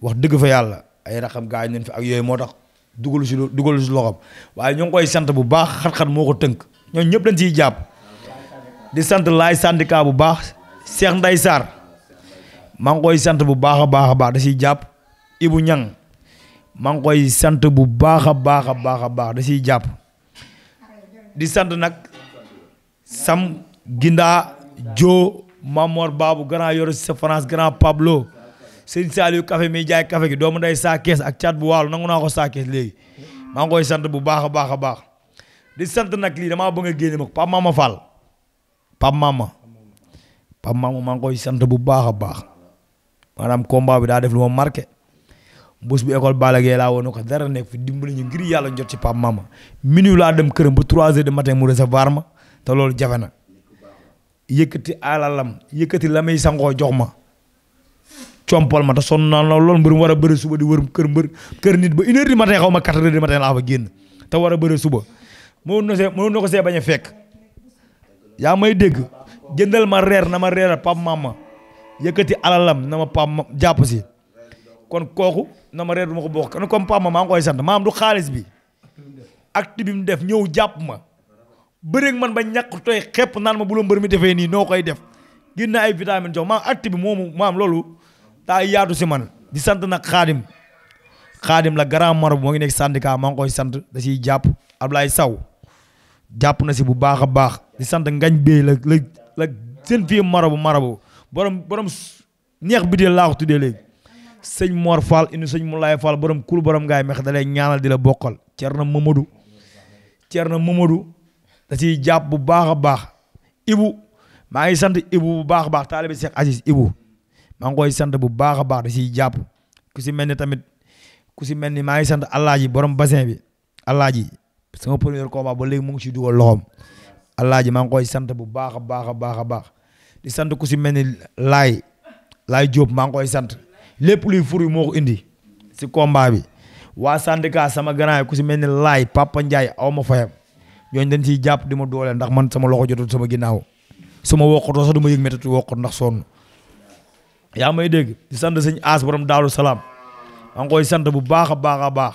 wax dëgg fa yàlla ay raxam gaañ nañ fi ak yooyu moo tax dugalu si dugalu si loxoom waaye ñoo ngi koy sant bu baax xat-xat moo ko tënk ñoo ñëpp dañ siy jàpp di sant laay syndicat bu baax. Cheikh nday Sarr maa ngi sant bu baax a baax a baax da ciy jàpp Ibou Niang maa sant bu baax a baax a baax a baax da ciy jàpp di sant nag Sam Ginda Jo Mamor Babu grand Yoro sa France grand Pablo Sëñ Saliou café mi jaay café gi doomu nday saa kees ak caat bu waalu nangu naa ko saa kees léegi maa ngi sant bu baax a baax a baax di sant nag lii damaa bëgg a génne ma ko Pape Mama Fall Pape Mama Pape Mamou maa ngi koy sant bu baax a baax maanaam combat bi daa def lu ma marqué bés bu école Balla Gaye laa woon ko dara nekk fi dimbali ñu ngir yàlla jot ci pam Pape Mamou minuit laa dem këram ba trois heures du matin mu recevoir ma te loolu jafe na yëkkati alalam yëkkati la may sangoo jox ma compal ma te sonn naa lool mbër mu war a suba di wër kër mbër kër nit ba une heure du xaw ma quatre heures du matin laa fa génn te war a suba mënoon na ko see bañ a fekk jëndal ma reer na ma reeral pap maam ma yëkkati alalam na ma pap jàpp si kon kooku na ma reer du ma ko bokk kon comme pap ma maa ngi sant maam du xaalis bi acte bi mu def ñëw jàpp ma bëreeg man ba ñakk tooy xepp naan ma bu la mbër mi nii noo koy def gis na bi moomu maam loolu daa yaatu si man di sant nag xaadim xaadim la grand marabout moo ngi nekk syndicat maa ngi koy sant da ciy jàpp Ablaye Saw jàpp na si bu baax baax di sant ngañ bey la la seen vie marabu marabu borom borom neex bi de laa ko tuddee léegi sëñ Mor Fall indi sëñ Moulay Fall borom kul borom ngaay meex da lay ñaanal di la bokkal Thierno Mamadou na Mamadou da ciy jàpp bu baax a baax Ibu maa ngi sant Ibu bu baax a baax taalibe Cheikh Aziz Ibu maa ngi koy sant bu baax a baax da ciy jàpp ku si mel ni tamit ku si mel ni maa ngi sant Alaaji borom bassin bi Alaaji sama premier combat ba léegi mu ngi ci dugal loxoom alaaji maa ngi koy sant bu baax a baax a baax a baax di sant ku si mel ni laay laay jóob maa ngi sant lépp luy fur yi moo ko indi si combat bi waa syndicat sama grand ku si mel ni laay Papa Ndiaye aw ma fayam ñooñu dañ ciy jàpp di ma doole ndax man sama loxo jotul sama ginnaaw sama wokkatoo sax du ma yëg métti wokkut ndax sonn yaa may dégg di sant sañ As borom Daaru Salaam maa ngi sant bu baax a baax a baax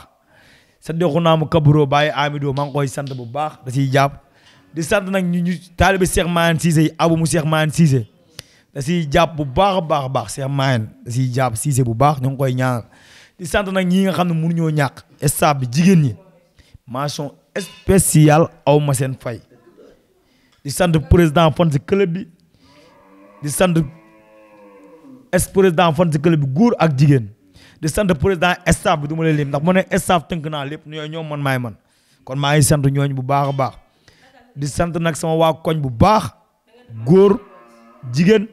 sa dexu naa mu kaburoo bàyyi amidoo maa ngi koy sant bu baax da ciy jàpp. di sant nag ñu ñu taalibe Cheikh Maane Cissé yi abu mu Cheikh Maane Cissé da jàpp bu baax a baax a baax Cheikh Maane da siy jàpp Cissé bu baax ñu ngi koy ñaanal di sant nag ñii nga xam ne mënuñoo ñàkk staff bi jigéen ñi ma mention spéciale aw ma fay di sant président fan si club bi di sant ex président fan si club bi góor ak jigéen di sant président staff bi du ma leen lim ndax mu ne staff tënk naa lépp ñooy ñoom man maay man kon maa ngi sant ñooñu bu baax a baax di sant nag sama waa koñ bu baax góor jigéen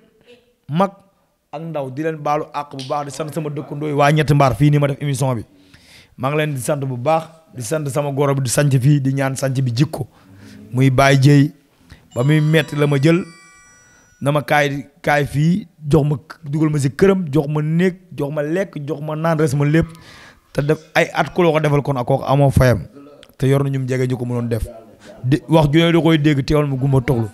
mag ak ndaw di leen baalu àq bu baax di sant sama dëkkandoo yi waa ñetti mbaar fii nii ma def émission bi maa ngi leen di sant bu baax di sant sama goro bi di sanc fii di ñaan sanc bi jikko muy bàyyi jéy ba muy metti la ma jël na ma kaay fii jox ma dugal ma si këram jox ma néeg jox ma lekk jox ma naan res ma lépp te def ay at ku ko defal kon ak kooku amoo fayam te yor na ñum jege ñu ko mënoon def di wax ju ne da koy dégg teewal mu gumba toxlu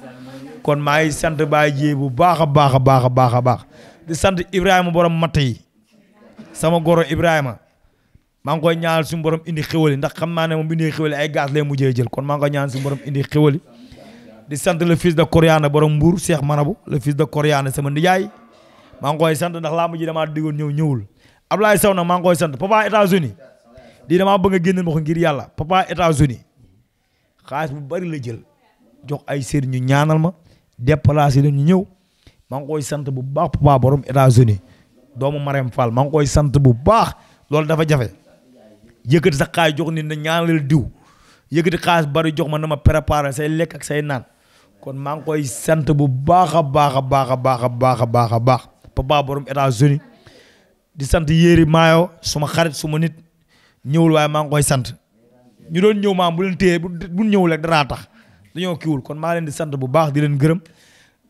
kon maa ngi sant Baye Dieye bu baax a baax a baax a baax a baax di sant Ibrahima borom matt yi sama goro Ibrahima maa ngi koy ñaanal suñu borom indi xéwali ndax xam naa ne bu indee xéwali ay gaz lay mujjee jël kon maa ngi koy ñaanal suñu indi xéwali di sant la fils de Koriana borom Mbour Cheikh Manabu la fils de Koriana sama nijaay maa ngi koy sant ndax làmb ji damaa diggoon ñëw ñëwul Ablaye Sow nag maa ngi sant papa États-Unis di damaa bëgg a génn ma ko ngir yàlla papa États-Unis xaalis bu bari la jël jox ay sëriñ ñu ñaanal ma déplacé leen ñu ñëw maa koy sant bu baax papa borom États-Unis doomu Marème Fall maa ngi koy sant bu baax loolu dafa jafe yëkkati sa xaalis jox nit na ñaanal diw yëkkati xaalis bari jox ma na ma préparé say lekk ak say naan kon maa ngi koy sant bu baax a baax a baax a baax a baax a baax a baax papa borom États-Unis di sant yéeri maayo suma xarit suma nit ñëwul waaye maa ngi koy sant ñu doon ñëw maam bu leen téye bu bu ñëwul rek danaa tax dañoo kiiwul kon maa leen di sant bu baax di leen gërëm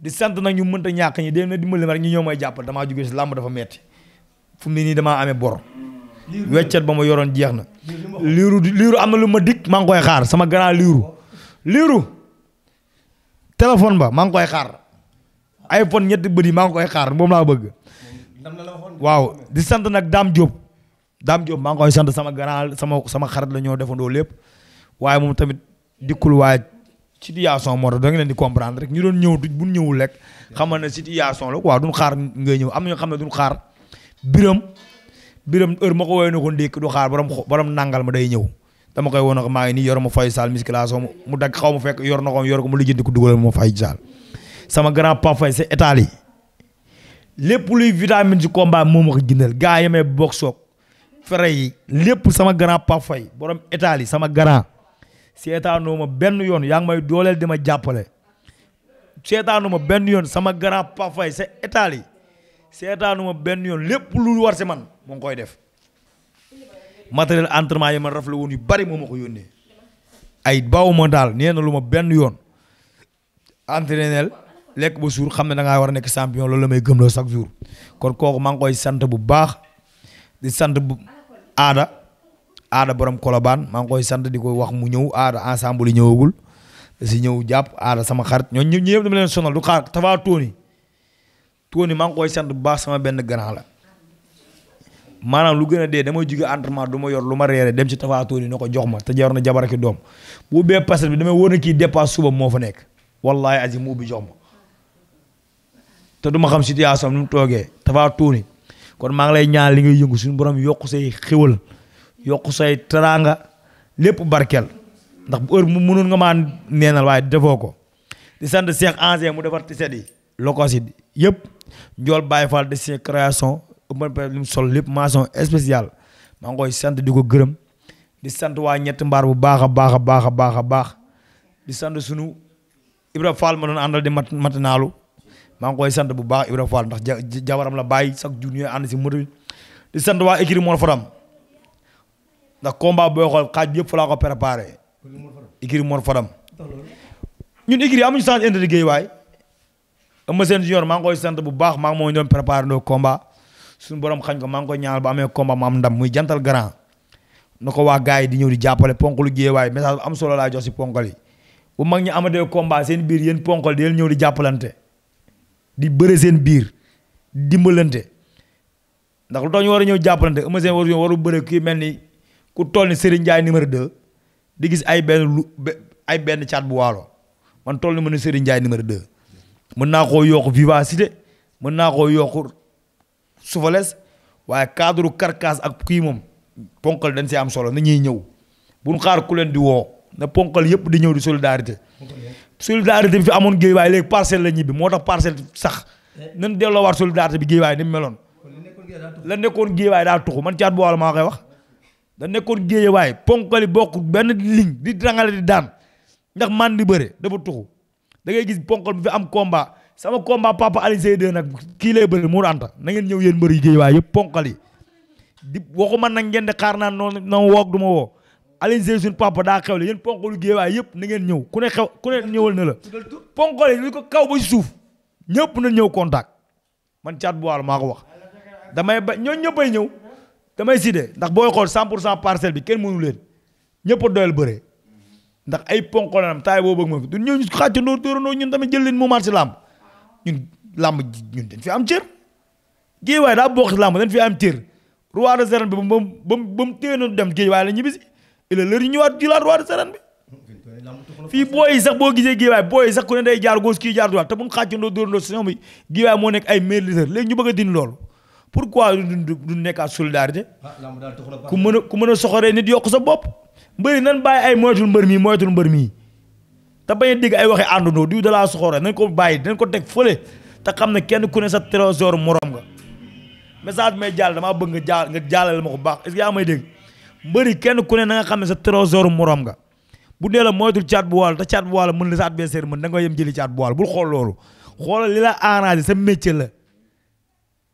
di sant nag ñu mënta ñàkk ñi dee na dimbali rek ñu ñëw may jàppal damaa jógee si làmb dafa metti fu mu ne nii damaa amee bor. weccet ba ma yoroon jeex na. liiru liiru am na lu ma dikk maa ngi koy xaar sama grand liiru. liiru téléphone ba maa ngi koy xaar iPhone ñetti bët yi maa ngi koy xaar moom laa bëgg. waaw di sant nag daam Diop. Dame Diop maa ngi koy sant sama grand sama sama xarit la ñoo defandoo lépp waaye moom tamit dikkul waaye situation moo da leen di comprendre rek ñu doon ñëw bu ñëwul rek xamal ne situation la quoi duñ xaar ngay ñëw am na xam ne duñ xaar biram biram heure ma ko woowee ne ko ndékk du xaar borom borom nangal ma day ñëw dama koy woon maa ngi nii yor ma fay saal musculation mu dagg xaw fekk yor na ko yor ko mu lijjanti ko dugalal ma fay sama grand papa fay sa état yi lépp luy vitamine ci combat moom ma ko jëndal gaa yemee boog soog fere yi lépp sama grand pafay borom état sama grand seetaanoo ma benn yoon yaa ngi may dooleel di ma jàppale seetaanu ma benn yoon sama grand pafay sa état yi seetaanu ma benn yoon lépp lu war si man mu ngi koy def matériel entrement yi man rafetlu woon yu bari moom ma ko yónnee ay bawuma daal nee na lu ma benn yoon entraîneel lekk ba suur xam ne da war a nekk champion loolu la gëm gëmloo chaque jour kon kooku maa ngi koy sant bu baax di sant bu aada aada borom kolobaan maa ngi koy sant di ko wax mu ñëw aada ensemble yi ñëwagul si ñëw jàpp aada sama xarit ñooñu ñëpp dama leen sonal du xaar tafaa tóoni tóoni maa ngi koy sant bu baax sama benn grand la maanaam lu gën a dee damay jóge entraînement du ma yor lu ma reere dem ci tafaa tóoni na ko jox ma te jar na jabar ak doom bu bee passet bi damay wóor a kii dépasse suba moo fa nekk wallaahi azim mu ubbi jox ma te du xam situation nu mu toogee tafaa tóoni kon maa ngi lay ñaan li ngay yëngu suñu borom yokku say xéwal yokku say teraanga lépp barkel ndax bu mu mënoon nga maa neenal waaye defoo ko di sant Cheikh Angers mu defar tiset yi lokos yi yëpp njool baay Fall de seen création li mu sol lépp mention spéciale maa ngi koy sant di ko gërëm di sant waa ñett mbaar bu baax a baax a baax a baax a baax di sant sunu Ibra Fall ma doon àndal di mat maa ngi koy sant bu baax Ibra Fall ndax jabaram la bàyyi chaque jour ñooy ànd si moto bi di sant waa écurie Mor Fadam ndax combat booy xool xaaj yëpp fa laa ko préparé. écurie Mor Fadam. ñun écurie amuñu chance intérêt Guédiawaye Eumeu Sène junior maa ngi koy sant bu baax maa ngi moo doon préparé ndoo combat suñu borom xañ ko maa ngi koy ñaanal ba amee combat ma ndam muy jantal grand na ko waa gars yi di ñëw di jàppale ponkalu Guédiawaye message am solo laa jox si ponkal di bëre seen biir dimbalante ndax lu tax ñu war a ñëw jàppalante Eumeu Sène waru waru bëre kii mel ni ku toll ni Serigne Ndiaye numéro 2 di gis ay benn lu ay benn caat bu waalo man toll ni mën ne Serigne Ndiaye numéro 2 mën naa koo yokk vivacité mën naa koo yokk souplesse waaye cadre carcasse ak kii moom ponkal dañ si am solo na ñuy ñëw buñ xaar ku leen di woo. na ponkal yëpp di ñëw di solidarité. solidarité bi fi amoon Guédiawaye léegi parcelle la ñibbi moo tax parcelle sax nan nañ delloowaat solidarité bi Guédiawaye ni mu meloon. la nekkoon Guédiawaye daa tuxu man caat bu wàll maa koy wax. la nekkoon Guédiawaye ponkali bokk benn ligne di rangale daan ndax man di bëre dafa tuxu da ngay gis ponkal bi fi am combat sama combat papa Alioune Seye kii lay bëri mu anta na ngeen ñëw yéen mbër yi Guédiawaye yëpp ponkal yi di waxuma nag ngeen di xaar naa noonu noonu woog du ma woo. Alioune Seye suñu papa daa xewle yéen ponkolu géewaay yëpp na ngeen ñëw ku ne xew ku ne na la ponkol yi ñu ko kaw ba suuf ñëpp na ñëw contact man caat bu waalo maa ko wax damay ba ñoo ñëppay ñëw damay sidee ndax booy xool cent pour cent parcelle bi kenn mënu leen ñëpp a doyal bëre ndax ay ponkol am taay boo bëgg du fi du ñëw ñu xàccandoo dóorandoo ñun tamit jël leen moomaat si làmb ñun làmb ñun dañ fi am cër géewaay daa bokk si làmb dañ fi am cër roi de serene bi ba mu ba mu téye na dem géewaay illa lër ñu ñëwaat jëlaat roi de saraan bi fii booy sax boo gisee géewaay booy sax ku ne day jaar gauche kii jaar droite te bu ñu xàccandoo dóorandoo saison bi géewaay moo nekk ay meilleurs leaders léegi ñu bëgg a din loolu pourquoi du du nekkaat solidarité ku mën a ku mën a soxoree nit yokk sa bopp mbëri nan bàyyi ay moytul mbër mii moytul mbër mii te bañ a dégg ay waxi àndandoo diw dalaa soxore nañ ko bàyyi nañ ko deg fële te xam ne kenn ku ne sa trésor morom nga message may jàll damaa bëgg nga jàll nga jàllale ma ko baax est yaa may dégg mbëri kenn ku ne na xam ne sa trésor morom nga bu dee la moytul caat bu waalo te caat bu waalo mën la sa adversaire mën da nga yem jëli caat bu waalo bul xool loolu xoolal li la arrangé sa la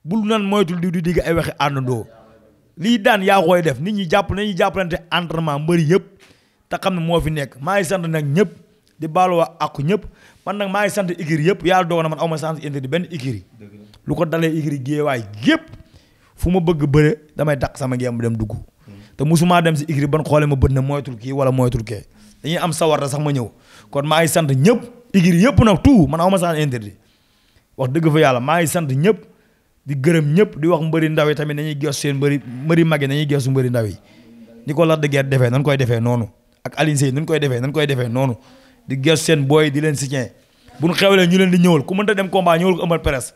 bul nan moytul di di digg ay waxi àndandoo lii daan yaa koy def nit ñi jàpp nañu jàppalante entraînement mbëri yëpp te xam ne moo fi nekk maa ngi sant nag ñëpp di baaluwaa akk ñëpp man nag maa ngi sant igri yëpp yaa dogal na man aw ma indi interdit benn igri lu ko dalee igri géewaay yëpp fu ma bëgg bë damay daq sama ngéem dem dugg te musumaa dem si écurie ban xoolee ma bët na moytul kii wala moytul kee dañuy am sawar sax ma ñëw kon maa ngi sant ñëpp écurie yëpp nag tout man aw ma saan interdit wax dëgg fa yàlla maa ngi sant ñëpp di gërëm ñëpp di wax mbëri ndaw yi tamit nañuy geesu seen mbëri mbëri mag yi nañuy geesu mbëri ndaw yi ni ko Lac de Guiers defee nan koy defee noonu ak Alioune Seye nan koy defee nan koy defee noonu di geesu seen booy di leen soutien buñ xewlee ñu leen di ñëwal ku mënta dem combat ñëwal ko ëmbal presse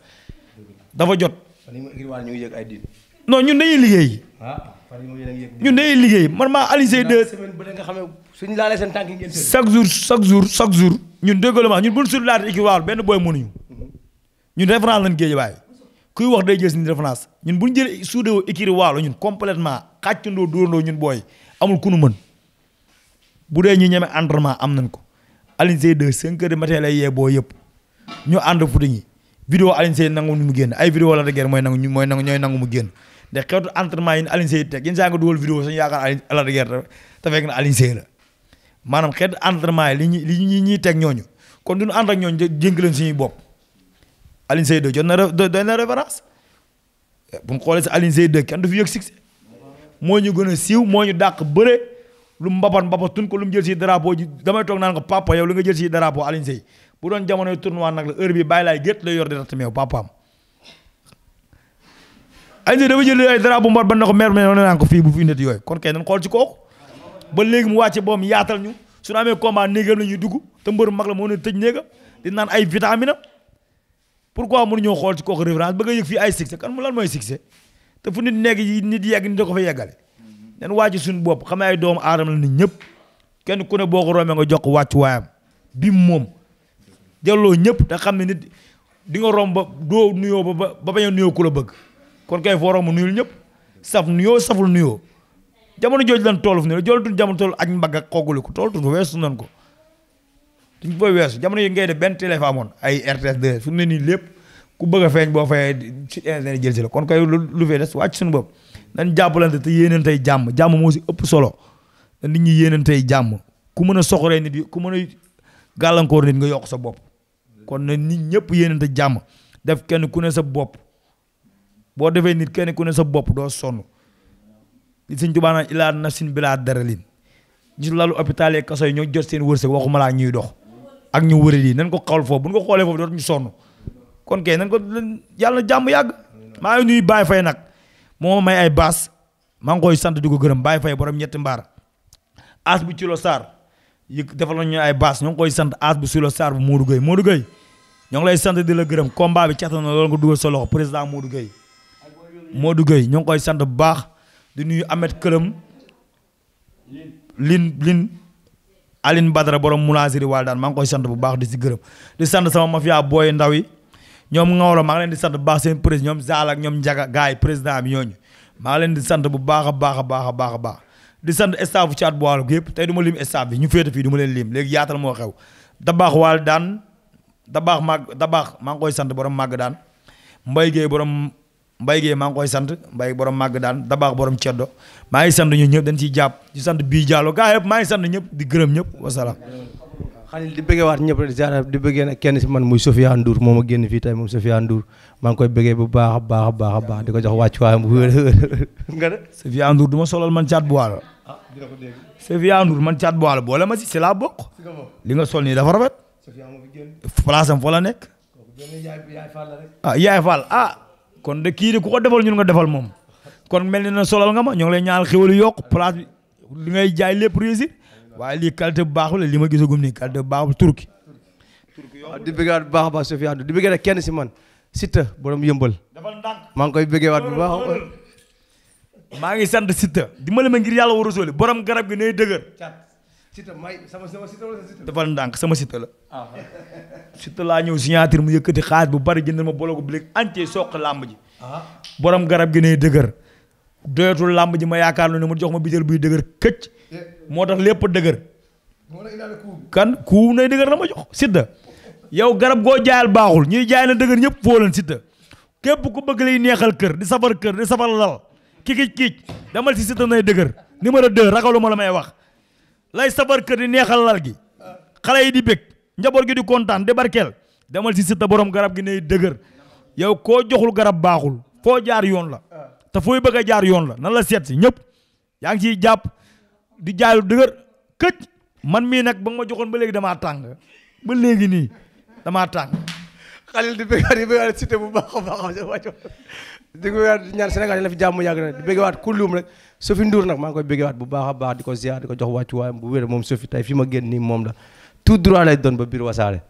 dafa jot non ñun dañuy liggéey ah. ñun day liggéey man maa alisé de chaque jour chaque jour chaque jour ñun déggal ma ñun bu ñu suñu laata équipe waaw benn booy mënuñu ñun référence lañ géej wax day jël suñu ñun bu ñu jëlee suudewo équipe waaw ñun complètement xàccandoo dóorandoo ñun booy amul ku nu mën bu dee ñu ñeme entraînement am nañ ko alisé de cinq heures yee boo yëpp ñu ànd fu ñi vidéo alisé nangu mu génn ay vidéo la de guerre mooy nangu mooy nangu ñooy nangu mu génn de xeetu entraînement yi Alioune Seye teg yéen saa nga dugal vidéo suñu yaakaar Alioune Lac de Guiers te fekk na Alioune la maanaam xeetu entraînement yi li ñuy li ñuy ñuy teg ñooñu kon duñu ànd ak ñooñu jénk leen suñuy bopp Alioune Seye 2 jot na doy na référence eh, bu ñu xoolee si Alioune Seye 2 kenn du fi yëg succès moo ñu gën a siiw moo ñu dàq bëre lu mu mbapat mbapatun ko lu mu jël si drapeau ji damay toog naan ko papa yow li nga jël si drapeau Alioune Seye bu doon jamonoy tournoi nag la heure bi bàyyi laay gét lay yor di rattameew papaam ay ne dafa jël ay drapeau mbar ban na ko maire ma ne naan ko fii bu fi nit yooyu kon kay dañ xool ci kooku ba léegi mu wàcce boom yaatal ñu suñu amee combat néegam la ñuy dugg te mbër mag la moo ne tëj néega di naan ay vitamine pourquoi mënu ñoo xool ci kooku référence ba a yëg fii ay succès kan mu lan mooy succès te fu nit nekk nit yegg nit da ko fa yeggale den wàcc suñu bopp xam ne ay doomu aadama la nit ñëpp kenn ku ne boo ko rombee nga jox wàccu waayam bi moom delloo ñëpp te xam ne nit di nga romb doo nuyoo ba ba bañ nuyoo ku la bëgg kon kay fooroo mu nuyul ñëpp saf nuyoo saful nuyoo jamono jooju lan toolu fu ne joolatuñ jamono toolu ak mbagg ak xooguliku toolatuñ ko weesu nan ko duñ koy weesu jamono yi ngay def benn télé fa amoon ay fu mu ne nii lépp ku bëgg feeñ boo fayee ci internet jël si la kon kay lu lu fee des wàcc suñu bopp nañ jàppalante te yéenantey jàmm jàmm moo si ëpp solo na nit ñi yéenantey jàmm ku mën a soxoree nit yi ku mën a gàllankoor nit nga yokk sa bopp kon na nit ñëpp yéenante jàmm def kenn ku ne sa bopp boo defee nit kenn ku ne sa bopp doo sonn sëñ Tuubaa naan ilaa nafsin bilaa daralin gis lalu hôpital yi kaso yi ñoo jot seen wërsëg waxuma laa ñuy dox ak ñu wëri yi nan ko xool foofu bu ñu ko xoolee foofu dootuñu sonn kon kay nan ko yàlla na jàmm yàgg maa ngi nuyu Baye Faye nag moo may ay baas maa ngi koy sant di ko gërëm Baye Faye borom ñetti mbaar as bu Cilo saar yëg defal nañu ay baas ñoo ngi koy sant as bu Cilo Sarr bu Modou Gueye Modou Gueye ñoo ngi lay sant di la gërëm combat bi cax na loolu nga dugal président Modou Modou Gueye ñoo ngi koy sant bu baax di nuyu Ahmed Këlëm lin lin Aline Badara borom Moulaziri waal daan maa ngi sant bu baax di si gërëm di sant sama mafia booy ndaw yi ñoom Ngawla maa ngi leen di sant bu baax seen président ñoom Zal ak ñoom Ndiaga gars yi président bi ñooñu maa leen di sant bu baax a baax a baax a baax a baax di sant staff bu caat bu waalo yëpp tey du ma lim staff bi ñu féete fii du ma leen lim léegi yaatal moo xew da dabaax waal daan dabaax màgg dabaax maa ngi koy sant borom màgg daan mbay gee maa ngi koy sant mbay borom màgg daan dabaax borom ceddo maa ngi sant ñu ñëpp dañ ciy jàpp di sant bii Diallo gaa yëpp maa ngi sant ñëpp di gërëm ñëpp wasalaam xalil di bëggee waat ñëpp di si man muy Sofiane Ndour moom a génn fii tey moom Sofiane Ndour maa koy bëggee bu baax a baax a baax baax di ko jox wàccuwaayam bu wér nga ne Sofiane Ndour du ma solal man caat bu waalo Sofiane Ndour man caat bu waalo boole ma si si laa bokk li nga sol nii dafa rafet place am nekk ah kon de kii de ku ko defal ñun nga defal moom kon mel na ne solal nga ma ñoo ngi lay ñaanal xéwal yokk place bi li ngay jaay lépp réussir waaye lii qualité bu baax la li ma gisagum nii qualité bu baax bu turki. di bëggaat bu baax a baax Sofiane di bëggee kenn si man Siteu borom yëmbal. maa ngi koy bëggee waat bu baax. maa ngi sant Siteu. dimbale ma ngir yàlla war a borom garab gi nay dëgër. Siteu may sama sama ndànk sama Siteu la. Ah, ah. Siteu laa ñëw signature mu yëkkati xaalis bu bari jëndal ma bolo ko bileeg entier soq làmb ji. Ah. borom garab gi ne dëgër. doyatul làmb ji ma yaakaar lu ne mu jox ma bitéel buy dëgër këcc. Eh. moo tax lépp dëgër. kan ku nay dëgër la ma jox Siteu. yow garab goo jaayal baaxul ñuy jaay na dëgër ñëpp foo leen Siteu. képp ku bëgg lay neexal kër di safar kër di safar lal kikic kiic demal si Siteu nay dëgër numéro 2 ragalu ma la may wax. lay sabar kër di neexal lal gi xale yi di bég njaboot gi di kontaan di barkeel demal si Siteu boroom garab gi ne dëgër yow koo joxul garab baaxul foo jaar yoon la te fooy bëgg a jaar yoon la nan la seet si ñëpp yaa ngi ciy jàpp di jaay lu dëgër këj man mii nag ba nga ma joxoon ba léegi damaa tàng ba léegi nii damaa tàng. xale di bëgg di bëgg Siteu bu baax a baax di ko waat ñaan Sénégal yi la fi jàmm yàgg na di béggewaat kullum rek Sophie Ndour nag maa ngi koy béggewaat bu baax a baax di ko ziar di ko jox wàccuwaayam bu wér moom Sophie tey fi ma génn nii moom la tout droit lay doon ba biir wasaare